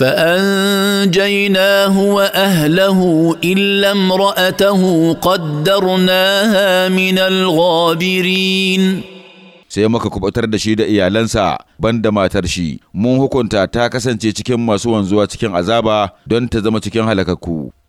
فانجيناه واهله الا امراته قدرناها من الغابرين sai muka kubutar da shi da iyalansa banda matar shi mun hukunta ta kasance cikin masu wanzuwa cikin azaba don ta zama cikin halakakku